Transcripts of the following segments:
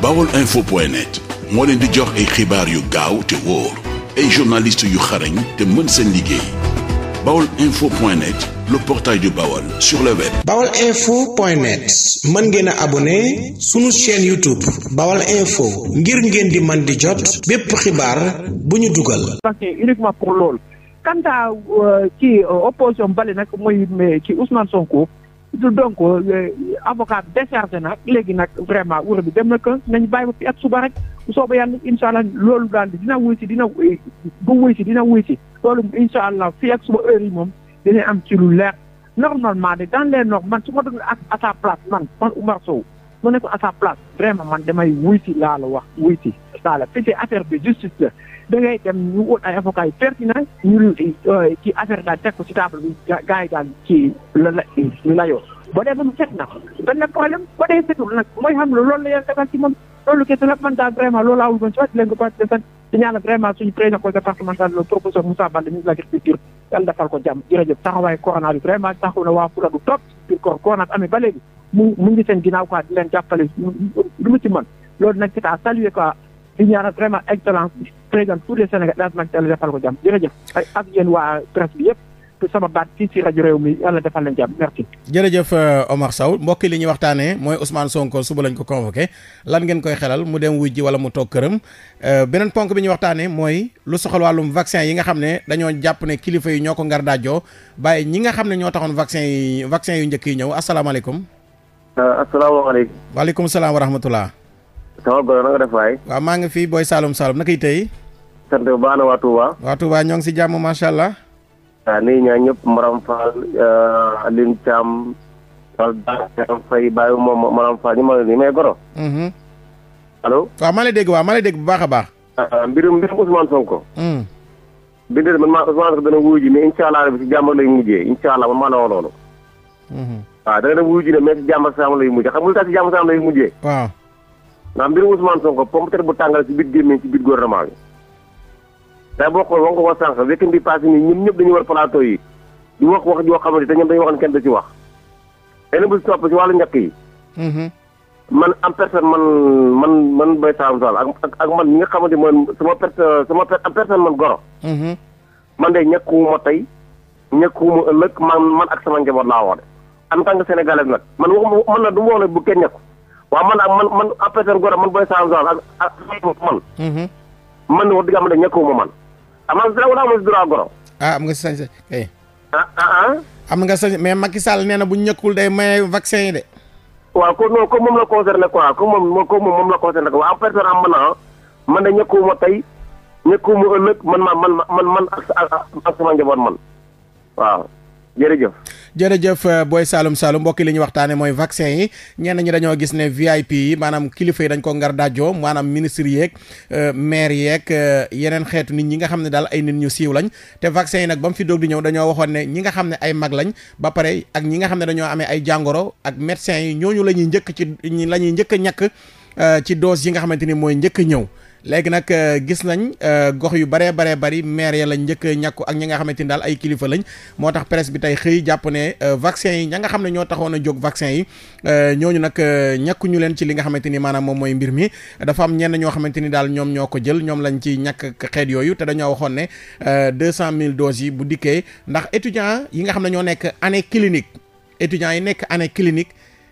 bawol info point net moo leen di jox ay xibaar yu gaaw te wóor ay journalistes yu xarañ te mën seen liggéey bawol info point net le portail du Baol sur le web. Baol info point net mën ngeen a abonné sunu chaîne YouTube Baol info ngir ngeen di man di jot bépp xibaar bu ñu dugal. uniquement pour loolu. quant à euh, ci euh, opposition bale nag mooy ci Ousmane Sonko. donc euh, avocat déchargé na léegi nag vraiment wóor bi dem na que nañ bàyyi ba fi ak suba rek bu soobee yàlla allah loolu daal dina wuy si dina bu wuy si dina wuy si loolu incha allah fii ak suba heure yi moom dina am ci lu leer normalement de dans les normes man su ma doon ak à sa place man man Oumar Sow ma nekk à sa place vraiment man demay wuy si laa la wax wuy si laa affaire bi justice la da ngay dem ñu ut ay avocats yu ñu euh, ci affaire daal teg ko ci table bi gars yi daal ci la la layoo ba dee moom set na benn problème ba dee setul nag mooy xam ne loolu la defal ci moom loolu kese la daal vraiment loolu laa wul woon si waat di leen ko baax di sant di defal ko jàmm jërëjëf taxawaay corona bi vraiment taxaw na waa Fula du topp biir koor corona bi amee ba léegi mu mu ngi seen ginnaaw quoi di leen jàppale lu mu ci mën loolu nag c'est à saluer quoi di ñaanal président pour le Sénégal daal ko jàmm jërëjëf ak yéen waa presse bi ci rajo réew mi yàlla defal leen jërëjëf euh, Omar Sow mbokk li ñuy waxtaanee mooy Ousmane Sonko suba lañ ko convoqué lan ngeen koy xelal mu dem wujji wala mu toog këram euh, beneen ponk bi ñuy waxtaanee mooy lu soxal wàllum vaccin yi nga xam ne dañoo jàpp ne kilifa yi ñoo ko ngar daajoo bàyyi ñi nga xam ne ñoo taxoon vaccin yi vaccin yu njëkk yi ñëw asalaamaaleykum. Euh, asalaamaaleykum. waaleykum salaam wa rahmatullah sama goro na nga def maa ngi fii booy Saloum Saloum na koy tey. sant bu baax na waa Touba. waa ñoo ngi si jàmm macha allah. waaw nii ñaa ñëpp Maram Fall euh, Alioune Thiam. Fall Thiam moom Maram ñu ma ni goro. Mm-hmm. allo. waaw maa lay dégg waaw maa lay dégg bu baax a baax. Euh, mbirum mbirum Ousmane Sonko. Mm. biñ de man maa Ousmane Sonko dana wuyu ji mais incha allah rabi si jàmm lay mujjee incha allah man maa la wax noonu. Mm-hmm. waaw dana wuyu ji mais si jàmm si saam maanaam mbirum Ousmane Sonko pompeter bu tàngal ci biir gémmiñ ci biir gouvernement bi day boo xool wax nga ko sànq weekend bi passé nii ñun ñëpp dañu war plateau yi di wax wax joo xamante te ñoom dañu waxoon kenn du ci wax benn bu si topp si wàllu ñàkk yi mm-hmm. man en personne man man man Mbaye Sam Sall ak man ñi nga xamante man sama personne sama en personne man goro mm-hmm. man de ñàkkuwuma tey ñàkkuwuma ëllëg man man ak sama njaboot laa wax de en tant que sénégalais nag man waxuma man na du ma wax ne bu kenn ñàkku waaw man ak man man APR Gora man booy Saalum Saalum man. Mm-hmm. man de wax dëgg am na ñàkkuma man. ah man dara wala amul ah, nga si sañ sa nga sañ mais Macky Sall nee na bu ñu ñàkkul day may vaccin yi de. waaw ko non comme moom la concerné quoi comme moom man ah man de ñàkkuma tey ñàkkuma ëllëg man man man man a ak sama njaboot man waaw. jërëjëf jërëjëf euh, Boy saalum Saloum mbokki li ñu waxtaane mooy vaccin yi ñenn ñi dañoo gis ne VIP yi maanaam kilifa yi dañ ko ngar dajoo maanaam ministre yeeg euh, maire yeeg euh, yeneen xeetu nit ñi nga xam ne daal ay nit ñu siiw lañ te vaccin yi nag ba mu fi doog di ñëw dañoo waxoon ne ñi nga xam ne ay mag lañ ba pare ak ñi nga xam ne dañoo amee ay jàngoro ak médecins yi ñooñu la ñuy njëkk ci la ñuy njëkk a ñàkk ci dose yi nga xamante ni mooy njëkk ñëw léegi nag euh, gis nañ euh, gox yu baree baree bari maire ya lañ njëkk ñàkku ak ñi nga xamante ni daal ay kilifa lañ moo tax presse bi tey xëy jàpp ne euh, vaccin yi ña nga xam ne ñoo taxoon a jóg vaccin yi ñooñu nag ñàkku ñu leen ci li nga xamante ni maanaam moom mooy mbir mi dafa am ñenn ñoo xamante ni daal ñoom ñoo ko jël ñoom lañ ci ñàkk xeet yooyu te dañoo waxoon ne deux cent mille doses yi bu dikkee ndax étudiant yi nga xam ne ñoo nekk année clinique étudiants yi nekk année clinique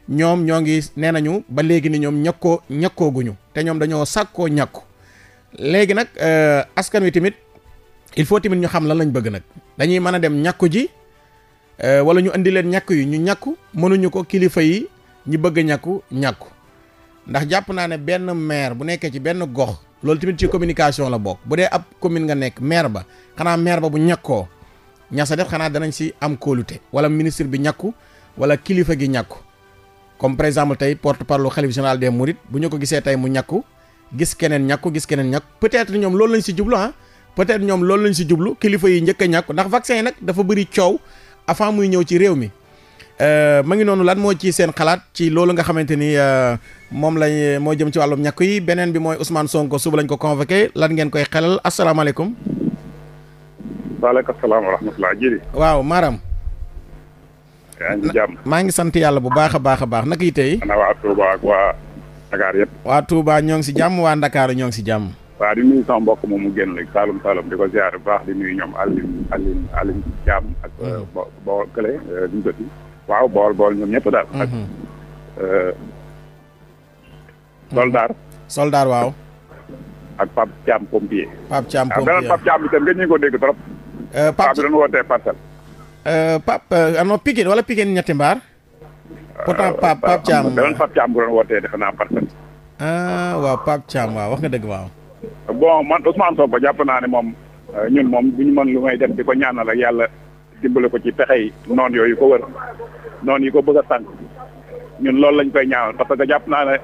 ñoom ñoo ngi nee nañu ba léegi ni ñoom ñàkkoo ñàkkooguñu te ñoom dañoo sàkkoo ñàkku léegi nag euh, askan wi tamit il faut tamit ñu xam lan lañ bëgg nag dañuy mën a dem ñàkku ji euh, wala ñu indi leen ñàkk yi ñu ñàkku mënuñu ko kilifa yi ñu bëgg a ñàkku ñàkku ndax jàpp naa ne benn maire bu nekkee ci benn gox loolu tamit ci communication la bokk bu dee ab commune nga nekk maire ba xanaa maire ba bu ñàkkoo ñasa def xanaa danañ si am kóolute wala ministre bi ñàkku wala kilifa gi ñàkku comme par exemple tey porte-parole xalif général des mourides bu ñu ko gisee tey mu ñàkku gis keneen ñàkk gis keneen ñàkk peut-être ñoom loolu lañ si jublu ah peut-être ñoom loolu lañ si jublu kilifa yi njëkk a ñàkk ndax vaccin yi nag dafa bari coow avant muy ñëw ci réew mi euh, ma ngi noonu lan moo ci seen xalaat ci loolu nga xamante ni euh, moom lañ moo jëm ci wàllum ñàkk yi beneen bi mooy Ousmane Sonko suba lañ ko convoqué lan ngeen koy xelal asalaamaaleykum. waaleykum waaw Maram. maa ngi sant yàlla bu baax a baax a baax naka yi tey. Dakar yëpp. waa Touba ñoo si jàmm waa Ndakaaru ñoo ngi si jàmm. waa di nuyu mu génn léegi Saalum Saalum di ko baax di nuyu ñoom Alioune Alioune Alioune ak mhm. euh, bo bo Kële euh, duñ ko waaw bool bool ñoom ñëpp daal. Mhm. Euh, soldaar. soldaar waaw. ak Pape Thiam pompier. Pape Thiam ah, pompier waaw beneen Pape Thiam itam ngeen ñu ko dégg trop. Pape Pape wootee parcelle. Pape ah non Pikine wala Pikine ñetti mbaar. pourtant ah, Pape Pape Thiam da doon Pape Thiam bu doon wootee defe naa parfaite. ah waaw wax nga dëgg waaw. bon man Ousmane Sonko jàpp naa ne moom euh, ñun moom bu ñu mën lu may def di ko ñaanal ak yàlla dimbale ko ci pexey noonu yooyu ko wër noonu yi ko bëgg a sànq ñun loolu lañ koy ñaanal parce que jàpp naa ne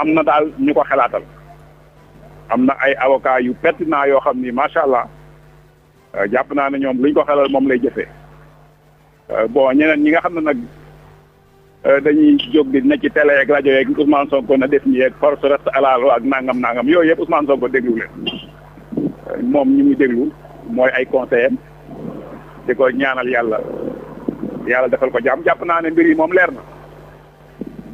am na daal ñu ko xalaatal am na ay avocat yu pertinent yoo xam ni macha allah euh, jàpp naa ne ñoom luñ ko xelal moom lay jëfee euh, bon ñeneen ñi nga xam ne nag. Euh, dañuy jóg di na ci télé ak rajo yeeg Ousmane Sonko na def ñi yeeg force reste à ak nangam nangam yooyu yëpp Ousmane Sonko déglu leen euh, moom ñu muy déglu mooy ay conseillers di ko ñaanal yàlla yàlla defal ko jàmm jàpp naa ne mbir yi moom leer na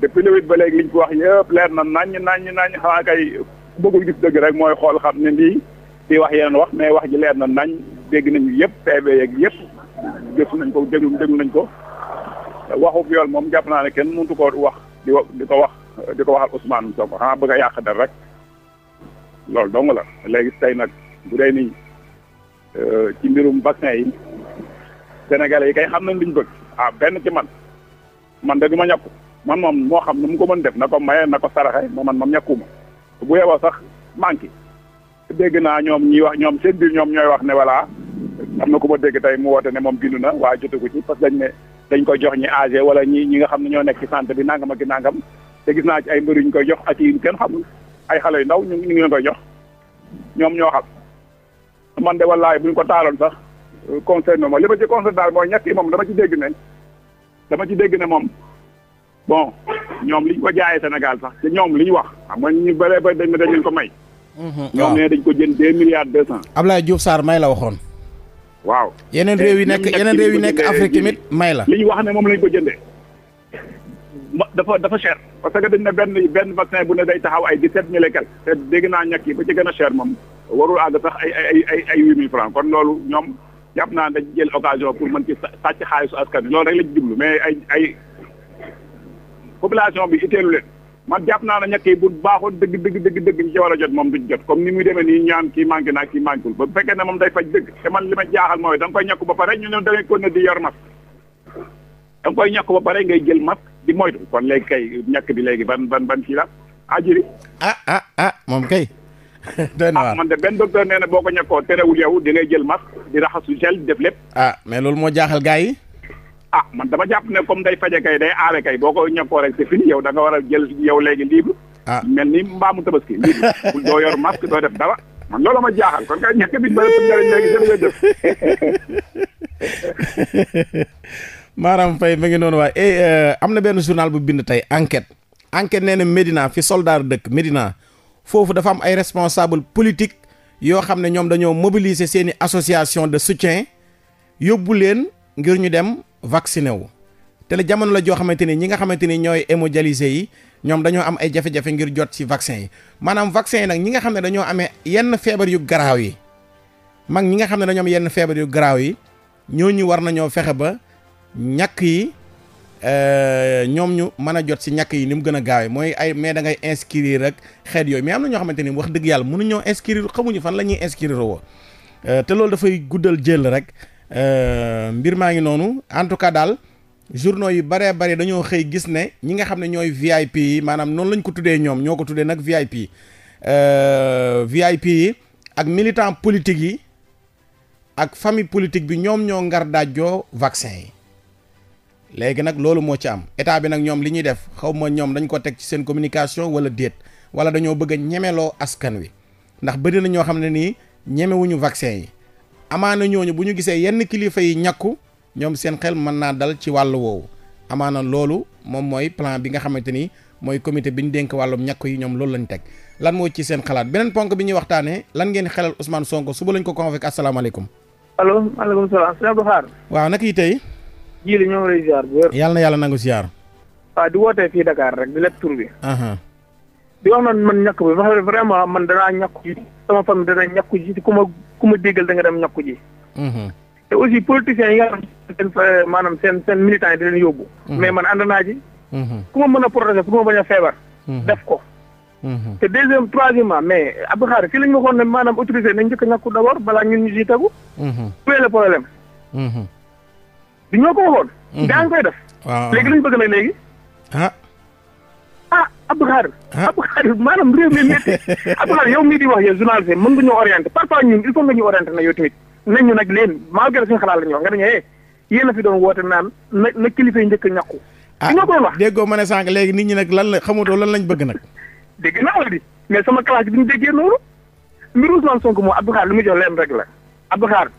depuis le ba léegi liñ ko wax yëpp leer na naññ naññ naññ xanaa kay bëggul gis dëgg rek mooy xool xam ne lii di wax yeneen wax mais wax ji leer na nañ dégg nañu yëpp PV yeeg yëpp gëstu nañ ko déglu déglu nañ ko. waxu viol moom jàpp naa ne kenn mëntu ko wax di di ko wax di ko waxal Ousmane Sonko xanaa bëgg a yàq de rek loolu dong la léegi tey nag bu dee nii euh, ci mbirum vaccin yi sénégalais yi kay xam nañ li ñu bëgg ah benn ci man man de du ma ñàkk man moom moo xam nu mu ko mën def na ko maye na ko saraxe ma man moom ñàkkuma bu yeboo sax manqué dégg naa ñoom ñi wax ñoom seen biir ñoom ñooy wax ne voilà am na ku ma dégg tey mu woote ne moom bindu na waaye jotagu ci parce que dañ koy jox ñi âgé wala ñi ñi nga xam ne ñoo nekk ci santé bi nangam ak nangam te gis naa ci ay mbër yu ñu koy jox at yi kenn xamul ay xale yu ndaw ñu ngi leen koy jox ñoom ñoo xam man de wallaay bu ñu ko taaloon sax euh, concerne ma li ma ci concerne daal mooy ñett moom dama ci dégg ne dama ci dégg ne moom bon ñoom liñ ko jaayee Sénégal sax te ñoom li ñu wax xam nga ñu bëree ba dañ dañ ko may. Mhm. ñoom ne dañ ko jënd deux milliards deux cent. Ablaye Diouf saar may la waxoon. waaw yeneen réew yi nekk yeneen réew yi nekk Afrique tamit may la. li ñu wax ne moom lañ ko jëndee dafa dafa cher parce que dañ ne benn benn vaccin bu ne day taxaw ay dix-sept mille et te dégg naa ñàkk yi ba ci gën a cher moom warul àgg sax ay ay ay ay huit mille francs kon loolu ñoom jàpp naa dañ jël occasion pour mën ci sàcc xaalisu askan bi loolu rek la ci jublu mais ay ay population bi itteelu leen. man jàpp naa ne ñett yi baaxoon dëgg dëgg dëgg dëgg ñi ci war a jot moom duñ jot comme ni muy demee nii ñaan kii manqué naa kii manquéwul ba fekkee ne moom day faj dëgg te man li ma jaaxal mooy da nga koy ñàkk ba pare ñu ne da ngay continuer ba pare ngay jël masque di moytu kon léegi kay ñàkk bi léegi ban ban ban fii la ajiri ah, a ah, a ah, ah moom kay doy na waar man de benn docteur nee na boo ko ñàkkoo terewul yow di ngay jël masque di raxasu gel di def lépp ah mais loolu moo jaaxal gars yi ah man dama jàpp ne comme day faje kay day aare kay boo ko ñekkoo rek c'est fini yow war a jël yow léegi libre. ah mel ni mbaamu tabaski libre doo yor masque doo def dara man loolu jaaxal kon kay ñàkk bi bëri na léegi jërëjëf. Maram Faye ma ngi noonu waay eh, eh, am na benn journal bu bind tey enquête enquête nee na Médina fi soldaar dëkk Médina foofu dafa am ay responsable politique yoo xam ne ñoom dañoo mobiliser seeni association de soutien yóbbu leen ngir ñu dem. vacciné wu te la jamono la joo xamante ni ñi nga xamante ni ñooy hémodialysé yi ñoom dañoo am ay jafe-jafe ngir jot ci vaccin yi maanaam vaccin yi nag ñi nga xam ne dañoo amee yenn feebar yu garaaw yi mag ñi nga xam ne dañoo am yenn feebar yu garaaw yi ñoo ñooñu war nañoo fexe ba ñàkk yi euh, ñoom ñu mën a jot si ñàkk yi ni mu gën a gaaw yi mooy ay mais da ngay inscrire rek xeet yooyu mais am na ñoo xamante ni wax dëgg yàlla mënuñoo inscrire xamuñu fan la ñuy inscrire woo euh, te loolu dafay guddal jël rek. Euh, mbir maa ngi noonu en tout cas daal journaux yu baree bari dañoo xëy gis ne ñi nga xam ne ñooy VIP yi maanaam noonu lañ ko tuddee ñoom ñoo ko tuddee nag VIP yi euh, VIP yi ak militant politique yi ak famille politique bi ñoom ñoo ngar daajoo vaccin yi léegi nag loolu moo ci am état bi nag ñoom li ñuy def xaw ma ñoom dañ ko teg ci seen communication wala déet wala dañoo bëgg a ñemeloo askan wi ndax bëri na ñoo xam ne nii ñemewuñu vaccin yi amaana ñooñu bu ñu gisee yenn kilifa yi ñàkku ñoom seen xel mën naa dal ci wàllu woowu amaana loolu moom mooy plan bi nga xamante ni mooy comité bi ñu dénk wàllum ñàkku yi ñoom loolu lañ teg lan moo ci seen xalaat beneen ponk bi ñuy waxtaanee lan ngeen xelal Ousmane Sonko suba lañ ko convoqué asalaamaaleykum. allo maaleykum salaam sëñ Abdou Khar. waaw naka yi tey. ji li ñoo lay ziar yàlla na yàlla nangu ziar. waaw di wootee fii Dakar rek di leb tur bi. di wax man ku ma déggal da nga dem ñakku ji. Mhm. te aussi politiciens yi nga xam seen maanaam seen seen militants yi di leen yóbbu. Mhm. mais man ànd naa ji. Mhm. ku ma mën a protéger pour ma bañ a feebar. def ko. te deuxième troisièmement mais Abdou Khare fii la ñu waxoon ne maanaam autorisé nañ njëkk a ñàkku balaa ñun ñu siy tegu. bu le problème. du ñoo ko waxoon. daa ngi koy def. léegi li bëgg nag léegi. Ah. Abdou Khadre Abdou ah. Khadre maanaam réew mi métti Abdou Khadre yow mii di wax yow journaliste mën nga ñu orienté parfois ñun il faut nga ñu orienté na yow tamit nañ ñu nag leen malgré suñu xalaat la ñu wax nga dañu ee eh, yéen a fi doon woote naan na na njëkk a ah, wax déggoo mën ne sànq léegi nit ñi nag lan la xamutoo lan lañu bëgg nag dégg naa la di mais sama classe bi ñu déggee noonu mbiru Ousmane Sonko moom Abdou Khadre lu muy jox leen rek la Abdou Khadre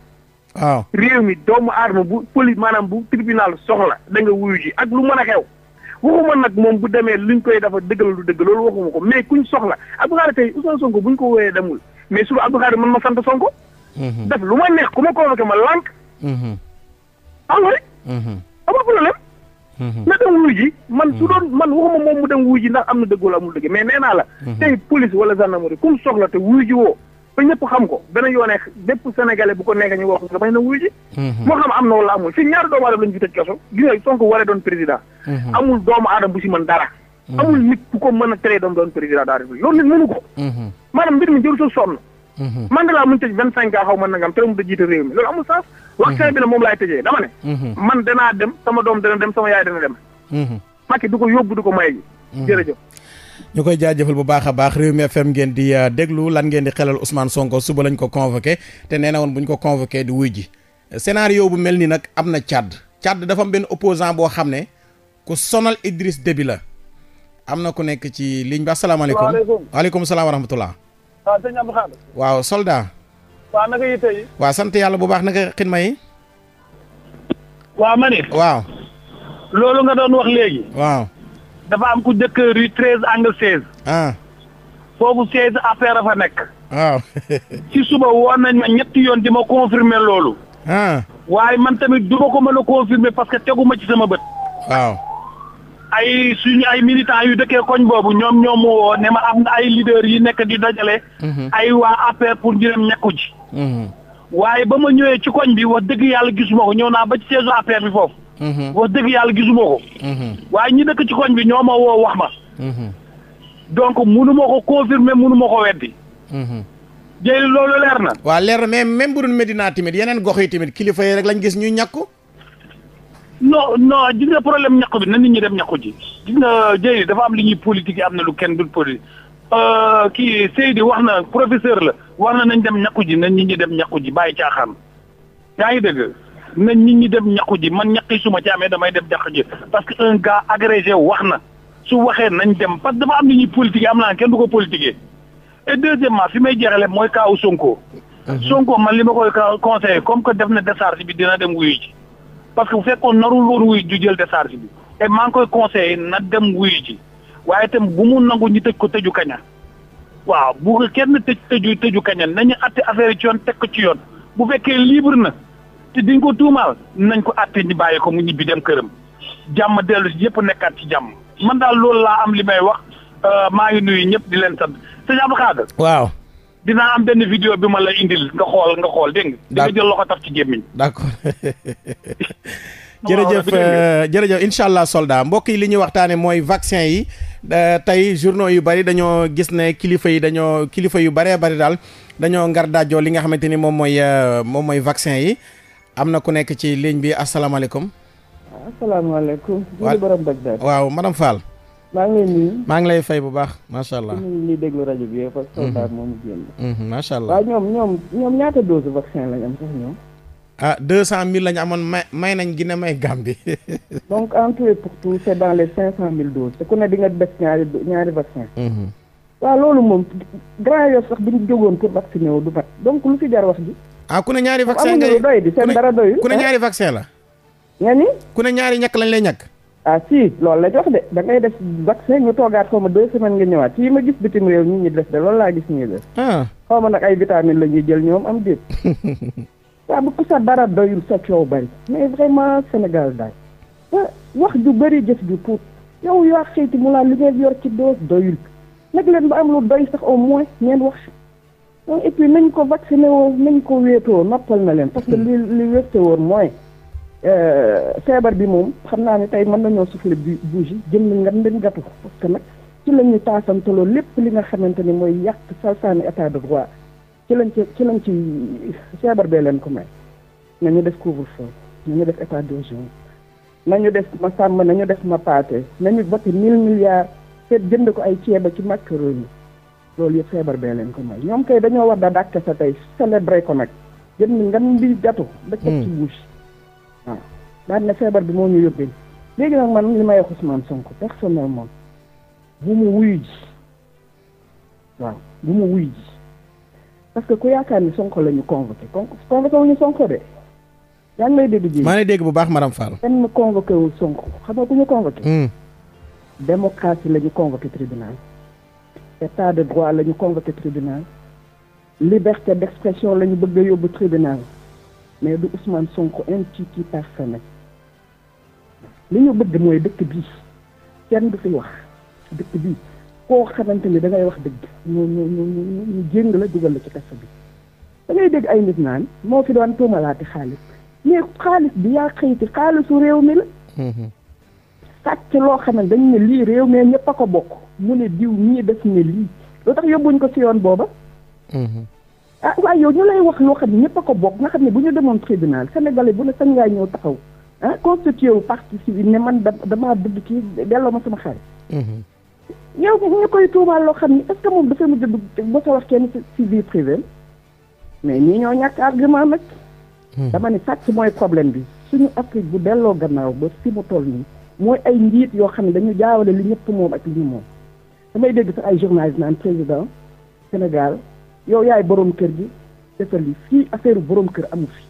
waaw réew mi doomu aadama bu poli maanaam bu tribunal soxla da nga wuyu ji ak lu mën a xew waxuma nag moom bu demee luñ koy dafa dëggal lu dëgg loolu waxuma ko mais kuñ soxla Abdou Khadre tey Ousmane Sonko buñ ko wooyee demul mais suba Abdou Khadre man ma sant Sonko. Mhm. def lu ma neex ku ma convoqué ma lànk. Mhm. am nga mhm. na dem wuy man su doon man waxuma moom mu dem wuy ji ndax am na dëgg wala amul dëgg mais nee naa la. tey police wala gendarmerie kum soxla te wuy ji woo. ba ñëpp xam ko benn yoonee bépp sénégalais bu ko nekk ñu wax nga bañ na wuyu ji mhm. moo xam am na wala amul si ñaari doomu aadama lañu fi tëj kaso gis nga Sonko waree doon président mhm. amul doomu aadama bu si mën dara mhm. amul nit ku ko mën a tere doom doon président daa république loolu nit mënu ko maanaam mbir mi jëru sa sonn Mandela mu réew mi loolu amul sens waxtaan bi ne moom laay tëjee dama ne man danaa dem sama doom dana dem sama yaay dana dem Macky du ko yóbbu du ko maye ji jërëjëf ñu koy jaajëfal bu baax a baax Rewmi FM ngeen di euh, déglu lan ngeen di xelal Ousmane Sonko suba lañ ko convoqué te nee na woon bu ñu ko convoqué di wuy ji scénario bu mel ni nag am na càdd Tchad dafa am benn opposant boo xam ne ku sonal Idriss Déby am na ku nekk ci ligne bi asalaamaaleykum waaleykum salaam wa rahmatullah waaw ah, sëñ Abdou sant yàlla bu baax naka xidma yi waaw ma ne waaw loolu nga doon wax léegi waaw dafa am ku dëkk rue treize angle seize. ah. foofu seize affaire fa nekk. waaw. ci suba woon nañ ma ñetti yoon di ma confirmer loolu. ah. waaye man tamit du ma ko mën a confirmer parce que tegu ma ci sama bët. waaw. ay suñu ay militants yu dëkkee koñ boobu ñoom ñoom mu woo ne ma am na ay leaders yi nekk di dajale. Mhm. ay waa affaire pour ñu dem ñàkku ji. waaye ba ma ñëwee ci koñ bi wax dëgg yàlla gisuma ko ñëw naa ba ci saison affaire bi foofu. Mm-hmm. wax dëgg yàlla gisuma ko. Mm-hmm. waaye ñi dëkk ci koñ bi ñoo ma woo wax ma. Mm-hmm. donc munu ma ko confirmer munu ma ko weddi. jëli loolu leer na. waa leer na mais même bu dul Medina tamit yeneen gox yi tamit kilifa yi rek lañ gis ñuy ñakku non no gis nga problème ñàkku bi na nit ñi dem ñàkku ji. gis nga jëli dafa am li ñuy politique yi am na lu kenn dul politique euh, kii Seydi wax na professeur la wax na nañ dem ñàkku ji na nit ñi dem ñàkku ji bàyyi caaxaan yaa ngi dëgg. nañ nit ñi dem ñaqu ji man ñaqi suma ci amee damay dem ñaq ji parce que un gars agrégé wax na su waxee nañ dem parce que dafa am ni ñuy politique am naa kenn du ko politiquer et deuxièmement fi may jeexale mooy kaawu Sonko. Mhm. Sonko man li ma koy conseillé comme que def na décharge bi dina dem wuyu ji parce que bu fekkoon narul woon wuyu ji jël décharge bi te maa ngi koy conseillé na dem wuyu ji waaye itam bu mu nangu ñu tëj ko tëju kaña waaw bu kenn tëj tëju tëju kaña nañu àtte affaire yoon teg ko ci yoon bu fekkee libre na. te ko tuumaal nañ ko àtte ñu bàyyi ko mu ñibbi dem këram jàmm dellu si yëpp nekkaat ci jàmm man daal loolu laa am li may wax euh, maa ngi nuyu ñëpp di leen sant sëñ Abdou dinaa am benn vidéo bi ma la indil nga xool nga xool dégg nga di nga jël loxo taf ci gémmiñ d'accord jërëjëf euh, jërëjëf incha allah soldat mbokk yi li ñuy waxtaane mooy vaccin yi euh, tey journaux yu bari dañoo gis ne kilifa yi dañoo kilifa yu baree bari daal dañoo ngar daajoo li nga xamante ni moom mooy moom mooy vaccin yi am na ku nekk ci ligne bi asalaamaaleykum. asalaamaaleykum. waaw borom Bagdad. waaw madame Fall. maa ngi lay nuyu. maa ngi lay fay bu baax macha allah. ñu ngi déglu rajo bi yëpp ak soldat mhm. moomu génn. Mhm, macha allah waaw ñoom ñoom ñoom ñaata dose vaccin lañ am sax ñoom. ah deux cent mille lañ amoon may may nañ Guinée may Gambie. donc en tout et pour tout c' dans les cinq cent mille doses. te ku ne di nga def ñaari ñaari vaccin. Mhm. waaw loolu moom grand yoo sax bi ñu jógoon pour vacciner wu du bat donc lu fi jar wax ji. ah ku ne ñaari vaccin ngay doy di seen dara doyul ku ne ah. ñaari vaccin la nga ni ku ne ñaari ñàkk lañ lay ñakk ah si loolu la jox de da ngay def vaccin ñu toogaat xaw ma deux semaines nga ñëwaat fii ma gis bitim réew ñi ñi def de loolu laa gis ñuy def ah. xaw ma nag ay vitamine la ñuy jël ñoom am déet waaw bu ko sa dara doyul sa coow bari mais vraiment Sénégal daal wax ju bëri jëf ju tuut yow yaa xëyti mu laa li ngeen yor ci doos doyul nag leen ba am lu doy sax au moins ngeen wax et puis nañ ko vacciné woo nañ ko wéetoo noppal na leen parce que li li weste woon mooy euh, feebar bi moom xam naa ne tey mën nañoo souffler bu bougie jëm ni nga den gatu parce que nag ci la ñu taasantaloo lépp li nga xamante ni mooy yàq salsaani état de droit ci lañ ci ci lañ ci feebar bee leen ko may nañu def couvre-feu nañu def état d'urgence nañu def ma sàmm nañu def ma paate nañu botti mille milliards seet jënd ko ay ceeba ci macaroni loolu yëpp feebar bee leen ko may ñoom kay dañoo war da dàkk sa tey célébré ko nag jënd ngan bi gatu da ko ci hmm. bouche waaw daan ne feebar bi moo ñu yóbbee léegi nag man li may wax Ousmane Sonko personnellement bu mu wuyu ji waaw bu mu wuyu ji parce que ku yaakaar ni Sonko la ñu convoqué convoqué wu ñu Sonko de yaa ngi lay dégg ji maa ngi dégg bu baax ma madame Fall kenn convoqué wu Sonko xam nga ku ñu convoqué hmm. démocratie lañu ñu convoqué tribunal état de droit la ñu convoqué tribunal liberté d'expression la ñu bëgg a yóbbu tribunal mais du Ousmane Sonko un tiiti par semaine li ñu bëgg mooy dëkk bii kenn du fi wax dëkk bii koo xamante ni da ngay wax dëgg ñu ñu ñu ñu jéng la dugal la ci kaso bi dangay ngay dégg ay nit naan moo fi doon tuumalaati xaalis mais xaalis bi yaa xëyti xaalisu réew mi la mm-hmm. sàcc loo xaman ne dañ lii réew mi ñépp a ko bokk mu ne diw ñii def ne lii loo tax yóbbuñ ko ci yoon booba. Mhm. ah waaye yow ñu lay wax loo xam ne ñëpp a ko bokk nga xam ne bu ñu demoon tribunal sénégalais bu ne sañ ngaa ñëw taxaw ah constitué wu partie ne man damaa bëgg kii delloo ma sama xarit. Mhm. yow ñu koy tuumaal loo xam ne est moom dafay mujj a dugg ba sa wax kenn si biir privé mais ñii ñoo ñàkk argument nag. Mhm. dama ne sàcc mooy problème bi suñu Afrique bu delloo gannaaw ba fi mu toll nii mooy ay njiit yoo xam ne dañu jaawale li ñëpp moom ak li damay dégg sax ay journaliste naan président Sénégal yow yaay boroom kër gi defal yi fii affaire boroom kër amu fi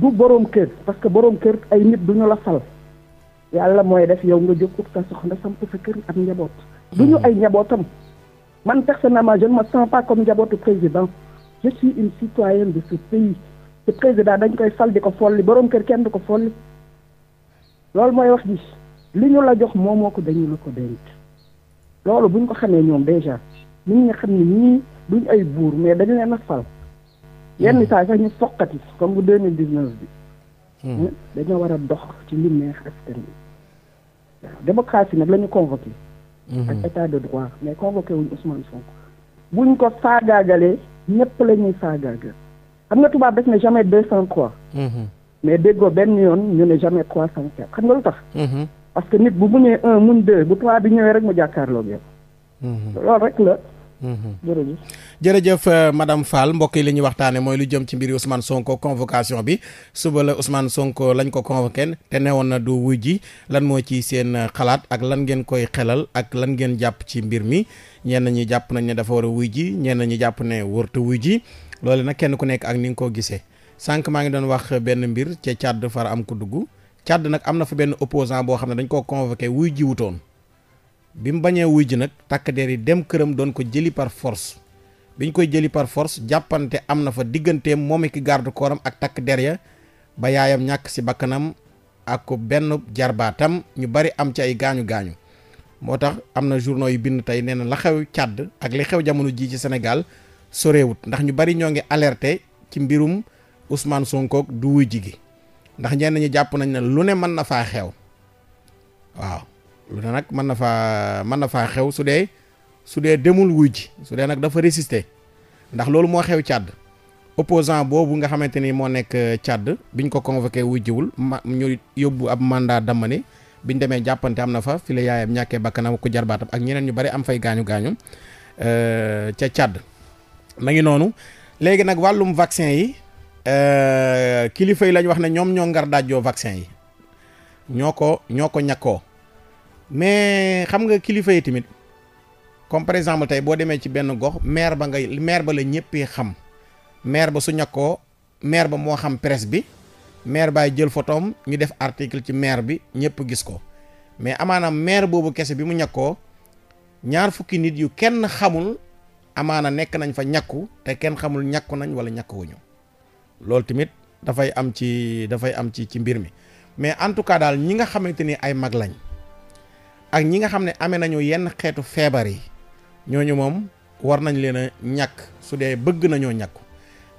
du boroom kër parce que boroom kër ay nit du ñu la fal yàlla mooy def yow nga jóg sa soxna samp sa kër am njaboot du ñu hmm. ay njabootam man personnellement je ne me sens pas comme njabootu président je suis une citoyenne de ce pays te président dañ koy fal di ko folli boroom kër kenn du ko folli loolu mooy wax ji li ñu la jox moomoo ko dañu la ko denc loolu buñ ko xamee ñoom déjà nit ñi xam ne ñii duñ ay buur mais dañu leen a fal yenn hmm. saa sax ñu foqati comme bu deux mille dix neuf bi hmm. Hmm. dañoo war a dox ci li neex askan bi waaw démocratie nag la ñu convoqué ak état de droit mais convoqué wuñ Ousmane Sonko buñ ko saagaagalee ñëpp la ñuy saagaagal xam nga tubaab def ne jamais deux cent trois mais déggoo benn yoon ñu ne jamais trois cent quatre xam nga lu tax parce que nit bu muñee un muñ deux bu trois bi ñëwee rek mu jàkkaarloo yow. Mhm. loolu rek la. Mhm. jërëjëf. jërëjëf euh, madame Fall mbokk yi li ñuy waxtaanee mooy lu jëm ci mbir mbiri Ousmane Sonko convocation bi suba la Ousmane Sonko lañ ko convoqué te newoon na du wuy ji lan moo ci seen euh, xalaat ak lan ngeen koy xelal ak lan ngeen jàpp ci mbir mi ñenn ñi jàpp nañ ne dafa wara a wuy ji ñenn ñi jàpp ne warut wuy ji loole nag kenn ku nekk ak ni nga ko gisee sànq maa ngi doon wax benn mbir ca Tchad far am ko dugg. càdd nag am na fa benn opposant boo xam ne dañ koo convoqué wuy ji wutoon bi mu bañee wuy ji nag takk der yi dem këram doon ko jëli par force ñu koy jëli par force jàppante am na fa digganteem moom ki garde corps ak takk der ya ba yaayam ñàkk si bakkanam ak ko benn jarbaatam ñu bari am ci ay gaañu gaañu moo tax am na journaux yu bind tey nee na la xew càdd ak li xew jamono jii ci Sénégal soreewut ndax ñu bari ñoo ngi alerté ci mbirum Ousmane Sonko du wuy ndax ñenn ñi jàpp nañ ne lu ne mën na faa xew waaw lu ne nag mën na faa mën na faa xew su dee su dee demul wuy ji su dee nag dafa résister ndax loolu moo xew càdd opposant boobu nga xamante ni moo nekk euh, càdd biñ ko convoqué wuy jiwul ma ñu yóbbu ab mandat damani biñ demee jàppante am na fa fi la yaayam ñàkkee bakkanam ku jarbaatam ak ñeneen ñu bari am fay gaañu gaañu euh, ca càdd ma ngi noonu léegi nag wàllum vaccin yi Euh, kilifa yi lañ wax ne ñoom ñoo ngar daajoo vaccin yi ñoo ko ñoo ko ñakkoo mais xam nga kilifa yi tamit comme par exemple tey boo demee ci benn gox maire ba nga maire ba la ñëppee xam maire ba su ñakkoo maire ba moo xam presse bi maire baay jël photoom ñu def article ci maire bi ñëpp gis ko mais amaanaam maire boobu kese bi mu ñàkkoo ñaar fukki nit yu kenn xamul amaana nekk nañ fa ñàkku te kenn xamul ñàkku nañ wala ñàkkuwuñu loolu tamit dafay am ci dafay am ci ci mbir mi mais en tout cas daal ñi nga xamante ni ay mag lañ ak ñi nga xam ne amee nañu yenn xeetu feebar yi ñooñu moom war nañ leen a ñàkk su dee bëgg nañoo ñàkk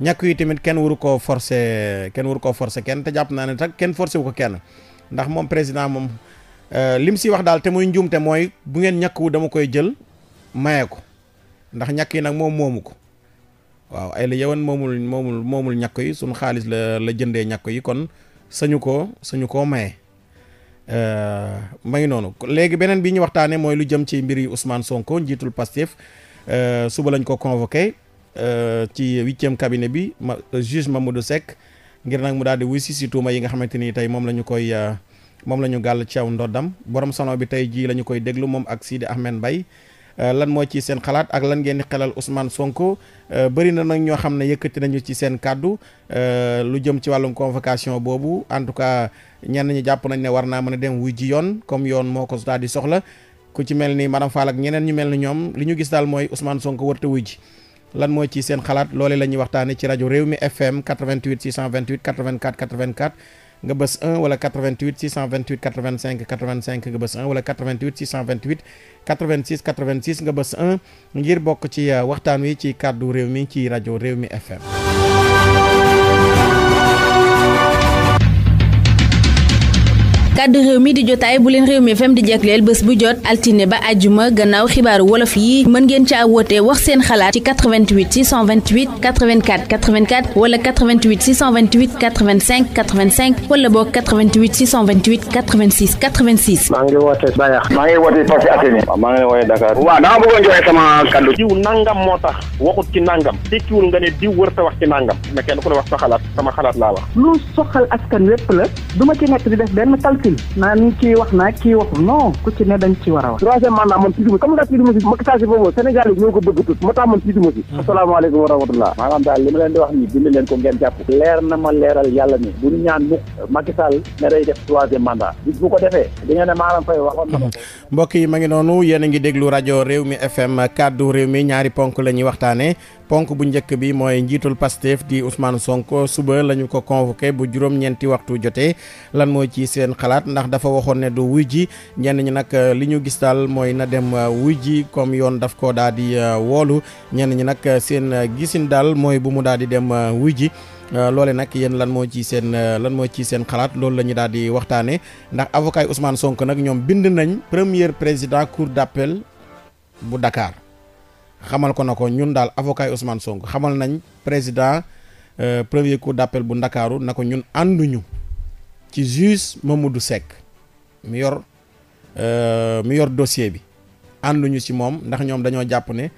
ñàkk yi tamit kenn waru koo forcer kenn waru koo forcer kenn te jàpp naa ne tak kenn forcer wu ko kenn ndax moom président moom euh, lim si wax daal te muy njuumte mooy bu ngeen ñàkk wu dama koy jël maye ko ndax ñàkk yi nag moom moomu ko waaw ay la yewan moomul moomul moomul ñàkk yi suñu xaalis la la jëndee ñàkk yi kon sañu koo sañu koo maye ma ngi noonu léegi beneen bi ñu waxtaanee mooy lu jëm ci mbir yi Ousmane Sonko njiitul Pastef suba lañ ko convoqué ci huitième cabinet bi ma juge du Seck ngir nag mu daal di wuy si si tuuma yi nga xamante ni tey moom la ñu koy moom la ñu gàll ci aw ndoddam borom sono bi tey jii la ñu koy déglu moom ak Sidi Ahmed mbay Euh, lan moo ci seen xalaat ak lan ngeen di xelal Ousmane Sonko euh, bëri na nag ñoo xam ne yëkkati nañu ci seen kàddu euh, lu jëm ci wàllum convocation boobu en tout cas ñenn ñi jàpp nañ ne war naa mën a dem wuy ji yoon comme yoon moo ko daal di soxla ku ci mel ni madame ak ñeneen ñu mel ni ñoom li ñu gis daal mooy Ousmane Sonko wërta wuy ji lan moo ci seen xalaat loole la ñuy waxtaanee ci rajo Réew mi FM 88 628 84 84. nga bës 1 wala 88 628 85 85 nga bës 1 wala 88 628 86 86 nga bës 1 ngir bokk ci euh, waxtaan wi ci kàddu réew mi ci rajo réew mi FM. kàddu réew mi di jotaay bu leen réew mi FM di jagleel bés bu jot altine ba àjjuma gannaaw xibaaru wolof yi mën ngeen caa woote wax seen xalaat ci 88 628 84 84 wala 88 628 85 85 wala boog 88 628 86 86. maa ngi woote Bayax. maa ngi woote Passy Athénée. maa ngi woote Dakar. waaw dama bëggoon joxe sama kàddu. diw nangam moo tax waxut ci nangam. tekkiwul nga ne diw wër ta wax ci nangam. mais kenn ku ne génn naan kii wax naa kii waxul non ku ci ne dañ ci war a wax troisième mandat man tiituma comme daa tiituma si Macky Sall si boobu Sénégal yi ko bëgg tut moo tax man tiituma si hmm. asalaamaaleykum wa rahmatullah maanaam daal li ma leen di wax nii bind leen na ma leeral yàlla ni bu ñu ñaan mukk Macky Sall ne day ko defee di ngeen ne maanaam fay waxoon na hmm. mbokk yi ma ngi noonu yéen a ngi déglu rajo réew mi FM kaddu réew mi ñaari ponk la ñuy waxtaane ponk bu njëkk bi mooy njiitul Pastef di Ousmane Sonko suba la ñu ko convoqué bu juróom-ñeenti waxtu jotee lan mooy ci seen xalaat ndax dafa waxoon ne du wuy ji ñenn ñi nag euh, li ñu gis daal mooy na dem euh, wuy ji comme yoon daf ko daal di euh, woolu ñenn ñi nag seen gisin daal mooy bu mu daal di dem wuy ji loole nag yéen lan moo ci seen lan moo ci seen xalaat loolu la ñu daal di waxtaanee ndax avocat yi sonk nag ñoom bind nañ premier président cour d'appel bu ndakaar xamal ko na ko ñun daal avocat yi sonk xamal nañ président premier cour d'appel bu Ndakaaru na ko ñun ànduñu ci juge Mamadou Seck mi yor euh, mu yor dossier bi ànduñu ci moom ndax ñoom dañoo jàpp ne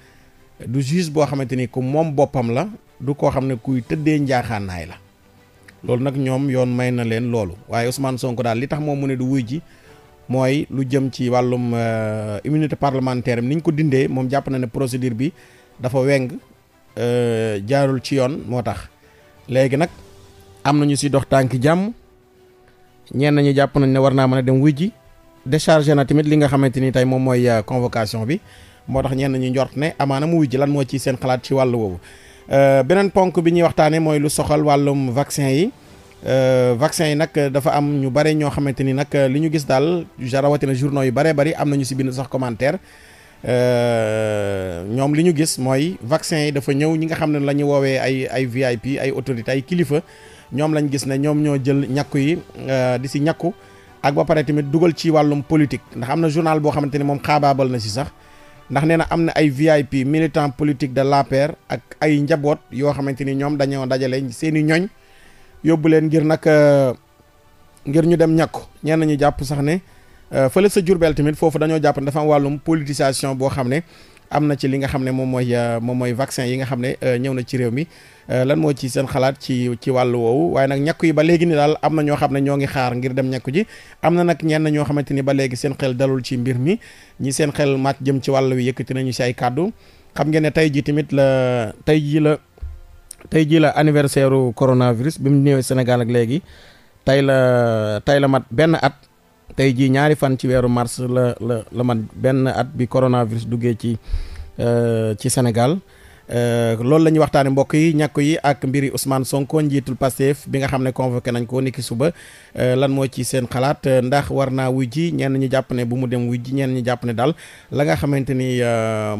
du juge boo xamante ni ku moom boppam la du koo xam ne kuy tëddee njaaxaanaay la loolu nag ñoom yoon may na leen loolu waaye Ousmane sonk daal li tax moom mu ne du wuy ji mooy lu jëm ci wàllum euh, immunité parlementaire am niñ ko dindee moom jàpp na ne procédure bi dafa weng euh, jaarul ci yoon moo tax léegi nag am nañu si dox tànk jàmm ñenn ñi jàpp nañ ne war naa mën a dem wuj ji déchargé na tamit li nga xamante ni tey moom mooy euh, convocation bi moo tax ñenn ñi njort ne amaana mu wuj lan moo ci seen xalaat ci wàll woowu euh, beneen ponk bi ñuy waxtaanee mooy lu soxal wàllum vaccin yi euh, vaccin yi nag dafa am ñu bare ñoo xamante ni nag li ñu gis daal rawatina journaux yi bare bari am nañu si bind sax commentaire ñoom li ñu gis mooy vaccin yi dafa ñëw ñi nga xam ne la ñu woowee ay ay VIP ay autorité ay kilifa ñoom lañ gis ne ñoom ñoo jël ñàkku yi euh, di si ñàkku ak ba pare tamit dugal ci wàllum politique ndax am na journal boo xamante ni moom xaabaabal na si sax ndax nee na am na ay VIP militant politique de l'APR ak ay njaboot yoo xamante ni ñoom dañoo dajale seen i ñoñ yóbbu leen ngir nag euh, ngir ñu dem ñàkku ñenn ñu jàpp sax ne euh, fële sa jurbeel tamit foofu dañoo jàpp ne dafa wàllum politisation boo xam ne. am na ci li nga xam ne moom mooy euh, moom mooy vaccin yi nga xam ne euh, ñëw na ci réew mi euh, lan moo ci seen xalaat ci ci wàllu woowu waaye nag ñàkku yi ba léegi ni daal am na ñoo xam ne ñoo ngi xaar ngir dem ñàkku ji am na nag ñenn ñoo xamante ni ba léegi seen xel dalul ci mbir mi ñi seen xel mat jëm ci wàll wi yëkkati nañu si ay kàddu xam ngeen ne tey ji tamit la tey ji la tey ji la anniversaire coronavirus bi mu ñëwee Sénégal ak léegi tey la tey la mat benn at tey jii ñaari fan ci weeru mars la la la man benn at bi coronavirus duggee ci euh, ci Sénégal euh, loolu la ñuy waxtaanee mbokk yi ñàkk yi ak mbiri Ousmane Sonko njiitul Pastef bi nga xam ne convoqué nañ koo niki suba euh, lan moo ci seen xalaat ndax war naa wuy ji ñenn ñu jàpp ne bu mu dem wuy ji ñenn ñu jàpp ne daal la nga xamante ni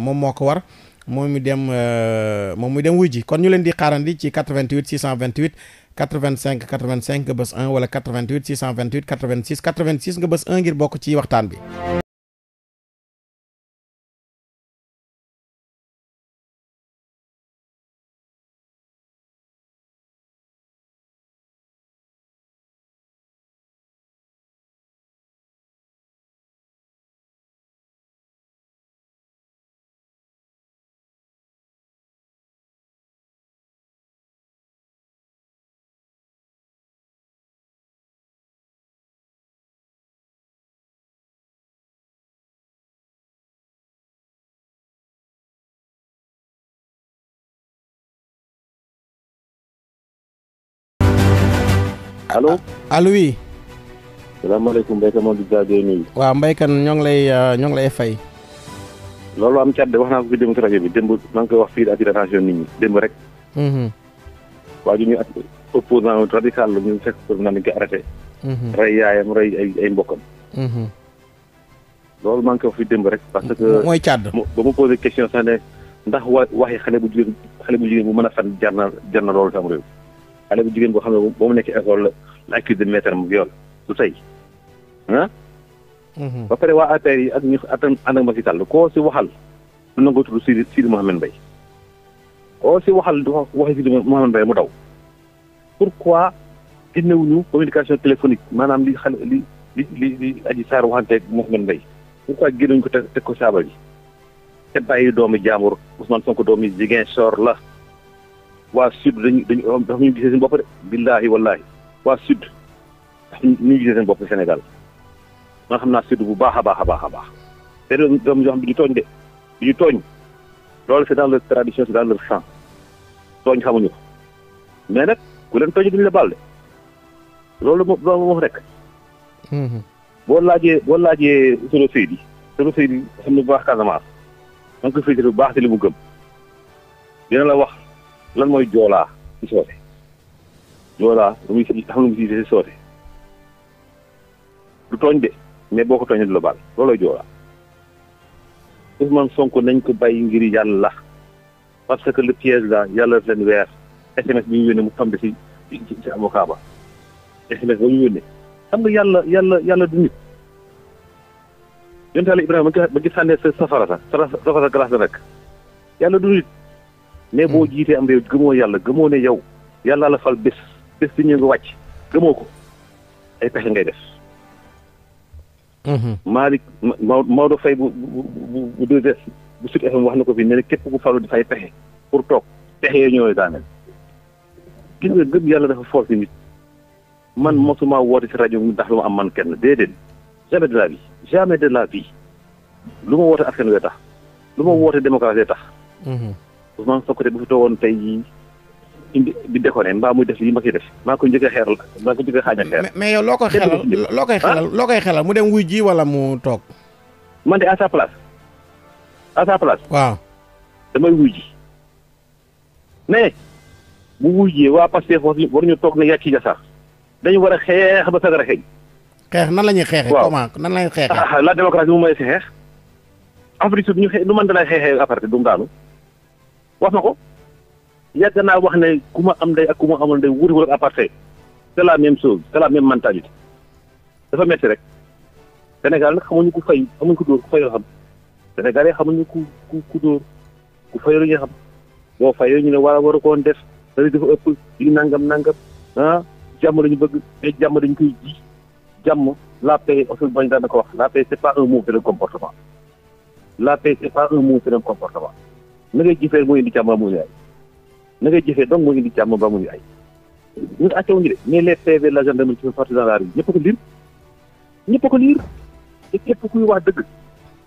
moom moo ko war. moom mi dem moom mi dem wuy ji kon ñu leen di xaarandi ci 88 628 85 85 nga bës 1 wala 88 628 86 86 nga bës 1 ngir bokk ci waxtaan bi allo allo oui. salaamaaleykum Mbaye Kane moom di Diagne nuyu. waaw Mbaye Kane ñoo ngi lay euh, ñoo ngi lay fay. loolu am cat de wax naa ko fi démb si rajo bi démb maa ngi koy wax fii attiré attention nit ñi rek. Mhm. waa ji ñu at opposant radical ñu fekk pour naan dañu koy arrêté. Mhm. rey mhm. loolu maa ngi koy wax fii rek. parce que mooy càdd. ba mu posé question sax ne ndax wax waxi xale bu jigéen xale bu jigéen mën a fan jar na jar na loolu tam réew. xale bu jigéen boo xam ne ba mu nekk école la la accusé maître am viol du tey ah. ba pare waa APR yi ak ñu ànd ak Macky Sall koo si waxal lu nangoo tudd Sidi Sidi Mouhamed Mbaye koo si waxal du waxi Sidi Mouhamed Mbaye mu daw pourquoi génnewuñu communication téléphonique maanaam li xale li li li li Adji Sarr waxanteeg Mouhamed Mbaye pourquoi génnewuñu ko teg ko saabal yi te bàyyi doomi jaambur Ousmane Sonko doomi Ziguinchor la waa sud dañu dañu dafa ñu gisee seen bopp de billaahi wallaahi waa sud dafa ñu gisee seen bopp Sénégal man xam naa sud bu baax a baax a baax a baax te doom doom yoo xam bi ñu tooñ de bi ñu tooñ loolu c'est dans leur tradition c'est dans leur sang tooñ xamuñu ko mais nag ku leen tooñ duñu la baal la loolu moom loolu moo fa mm-hmm. boo laajee boo laajee Soro Seydi Soro Seydi xam ne baax Casamance man ko félicité bu baax te li mu gëm dina la wax lan mooy joolaa ci soote joolaa lu muy si xam lu mu si soote du tooñ de mais boo ko tooñee du la baal loolooy joolaa Ousmane Sonko nañ ko bàyyi ngir yàlla parce que le piège là yàlla daf weer SMS bi ñu yónnee mu tombé si ci ci avocat ba SMS ba ñu yónnee xam nga yàlla yàlla yàlla du nit yontaale Ibrahima ba ci sànnee sa safara sa safara glace la rek yàlla du nit mais boo hmm. jiitee am réew gëmoo yàlla gëmoo ne yow yàlla la fal bés bés bi ñu ngi wàcc gëmoo ko ay pexe ngay def. Hmm. Malick Maodo Faye bu bu bu bu bu bu Sud FM wax na ko fi ne képp ku falu dafay pexe pour toog pexe yooyu ñooy daaneel. gis nga gëm yàlla dafa force nit man hmm. mosuma woote si rajo ndax lu ma am man kenn déedéet jamais de la vie jamais de la vie lu ma woote askan wee tax lu ma woote démocratie tax. Ousmane Sonko bu te woon tey jii indi di déconné mbaa muy def lii ma koy def maa ko njëkk xeer la maa ko njëkk a xaajal xeer mais yow loo koy xelal loo koy xelal loo koy xelal mu dem wuy ji walla mu toog man de à sa place à sa place waaw damay wuy ji mais bu wuy jee waa Pastef waruñu toog ne yàcc jasaar dañu war a xeex ba sagara xeeñ xeex nan la ñuy xeexee comment nan la ñuy xeexee ah, ah, la démocratie mu may si xeex Afrique su ñu xeex du man da lay xeexee aparté du mu daanu wax na ko yàgg naa wax ne ku ma am ndey ak ku ma amul ndey wuti wala aparté c'est la même chose c'est la même mentalité dafa metti rek Sénégal nag xamuñu ku fay xamuñu ku dóor ku fayoo xamuñu ku ku ku dóor ku fayoo la ñuy xam boo fayoo ñu ne war a war a koon def dafa ëpp yi nangam nangam ah jàmm lañu bëgg mais jàmm dañu koy ji jàmm la paix aussi bañ daan na ko wax la paix c'est pas un mot c'est un comportement comportement na ngay jëfee moo indi càmm ba ay na ngay jëfee donc moo indi càmm ba mu ay ñun àccewuñu de mais les PV la gendarmerie qui sont partis dans la ñëpp ko liir ñëpp ko liir te képp kuy wax dëgg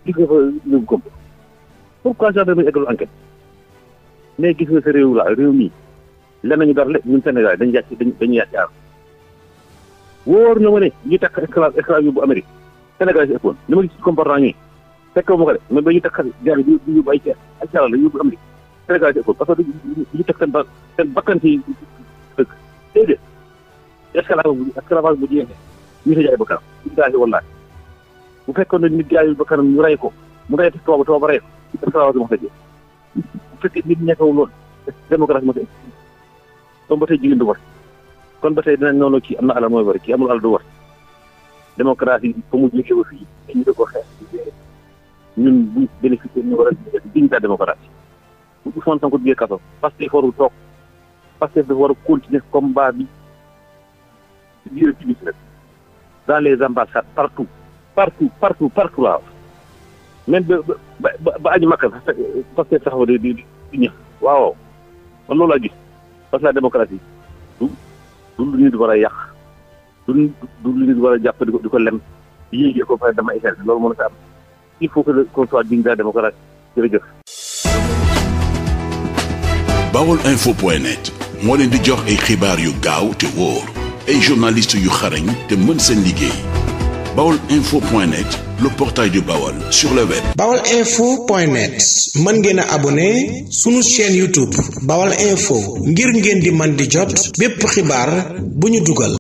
gis nga fa lu ko pourquoi gendarmerie eggalu enquête mais gis nga sa réew la réew mii lenn ñu dara le ñun Sénégal dañu yàcc dañu yàcc aar wóor na ma ne ñu takk esclave esclave yu bu Amérique Sénégal si ëppoon li ma gis ci comportement fekkoo ma ko de man ba ñuy ay ceeb ay caalal la yóbbu am li Sénégal di ëpp parce ba seen bakkan ci dëkk déedéet esclavage bu esclavage bu jeexee ñu sa jaay bakkanam nit jaayul bakkanam ñu rey ko mu rey ci tooba tooba rey ko nit ñekkaw loolu démocratie ma ko comme ba tey jigéen du war kon ba tey dinañ noonu kii am na alal mooy war kii amul alal du war démocratie ba mu jógee fii ñu da ko xeex ñun buñ bénéficié ñu war a dignité la démocratie bu Ousmane Sonko duggee kaso Pastef warul toog Pastef dafa war a continuer baa bi dans les ambassades partout partout partout partout là même ba ba ba añu makka Pastef taxaw di waaw man loolu laa gis parce que la démocratie du du lu nit war a yàq du du lu nit war a jàpp di ko di ko lem yéegee ko pare dama échec loolu mën na sa il faut que qu'on soit digne de la démocratie jërëjëf. bawol info point net moo leen di jox ay xibaar yu gaaw te ay journaliste yu xarañ mën seen liggéey le portail du Bawol sur le web. bawol info point net a abonné sunu chaîne YouTube bawol info ngir ngeen di man di jot bépp xibaar bu ñu dugal.